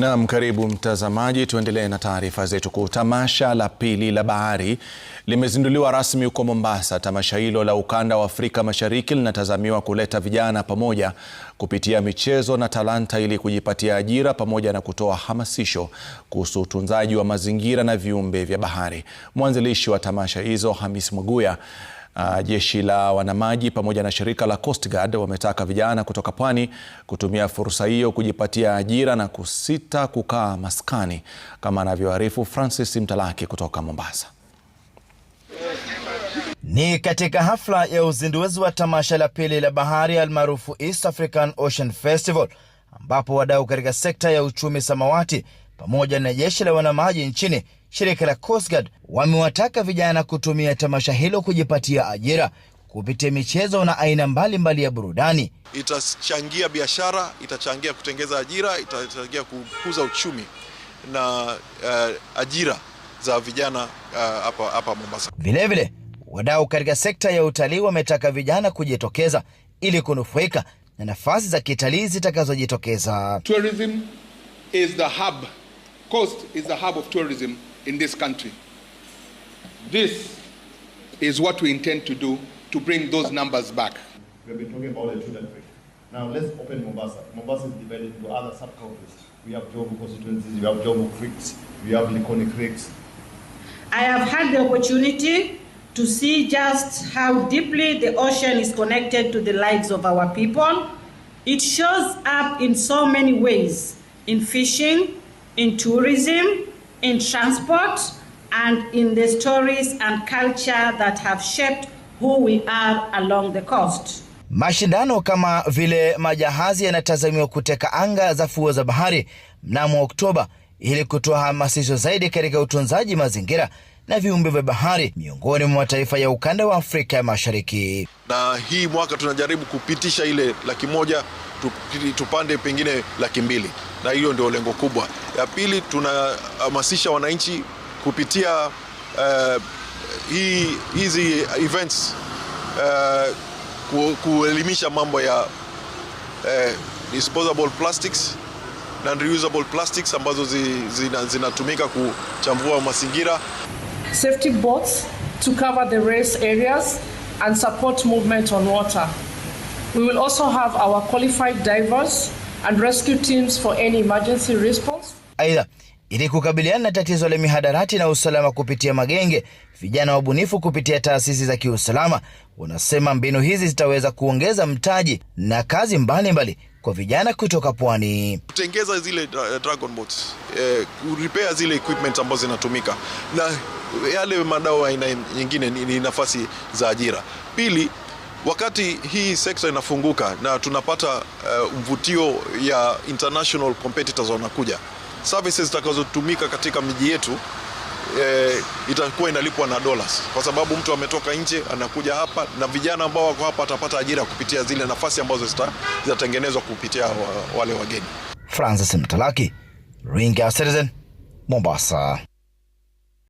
Naam, karibu mtazamaji, tuendelee na taarifa zetu kuu. Tamasha la pili la bahari limezinduliwa rasmi huko Mombasa. Tamasha hilo la ukanda wa Afrika Mashariki linatazamiwa kuleta vijana pamoja kupitia michezo na talanta ili kujipatia ajira pamoja na kutoa hamasisho kuhusu utunzaji wa mazingira na viumbe vya bahari. Mwanzilishi wa tamasha hizo Hamis Mweguya Uh, jeshi la wanamaji pamoja na shirika la Coast Guard wametaka vijana kutoka pwani kutumia fursa hiyo kujipatia ajira na kusita kukaa maskani, kama anavyoarifu Francis Mtalaki kutoka Mombasa. Ni katika hafla ya uzinduzi wa tamasha la pili la bahari almaarufu East African Ocean Festival ambapo wadau katika sekta ya uchumi samawati pamoja na jeshi la wanamaji nchini shirika la Coast Guard wamewataka vijana kutumia tamasha hilo kujipatia ajira kupitia michezo na aina mbalimbali mbali ya burudani. Itachangia biashara, itachangia kutengeza ajira, itachangia kukuza uchumi na uh, ajira za vijana eh, hapa uh, hapa Mombasa. Vilevile, wadau katika sekta ya utalii wametaka vijana kujitokeza ili kunufaika na nafasi za kitalii zitakazojitokeza. Tourism is the hub coast is the hub of tourism in this country. This is what we intend to do to bring those numbers back. We've been talking about the student rate. Now let's open Mombasa. Mombasa is divided into other sub-counties. We have Jomo constituencies, we have Jomo creeks, we have Likoni creeks. I have had the opportunity to see just how deeply the ocean is connected to the lives of our people. It shows up in so many ways, in fishing, in tourism, in transport, and in the stories and culture that have shaped who we are along the coast. Mashindano kama vile majahazi yanatazamiwa kuteka anga za fuo za bahari mnamo Oktoba ili kutoa hamasisho zaidi katika utunzaji mazingira na viumbe vya bahari miongoni mwa mataifa ya ukanda wa Afrika ya Mashariki. Na hii mwaka tunajaribu kupitisha ile laki moja tupande pengine laki mbili, na hiyo ndio lengo kubwa. Ya pili, tunahamasisha wananchi kupitia uh, eh, hi, hizi events uh, ku, kuelimisha mambo ya uh, disposable plastics na reusable plastics ambazo zinatumika zina kuchambua mazingira. Safety boats to cover the race areas and support movement on water. We will also have our qualified divers and rescue teams for any emergency response. Aidha, ili kukabiliana na tatizo la mihadarati na usalama kupitia magenge, vijana wabunifu kupitia taasisi za kiusalama wanasema mbinu hizi zitaweza kuongeza mtaji na kazi mbalimbali mbali kwa vijana kutoka pwani, kutengeza zile eh, dragon boats, eh, kuripea zile equipment ambazo zinatumika na yale madawa aina nyingine. Ni nafasi za ajira. Pili, Wakati hii sekta inafunguka na tunapata eh, mvutio uh, ya international competitors wanakuja, services zitakazotumika katika miji yetu eh, itakuwa inalipwa na dollars, kwa sababu mtu ametoka nje anakuja hapa, na vijana ambao wako hapa atapata ajira kupitia zile nafasi ambazo zitatengenezwa kupitia wa, wale wageni. Francis Mtalaki, Ringa Citizen, Mombasa.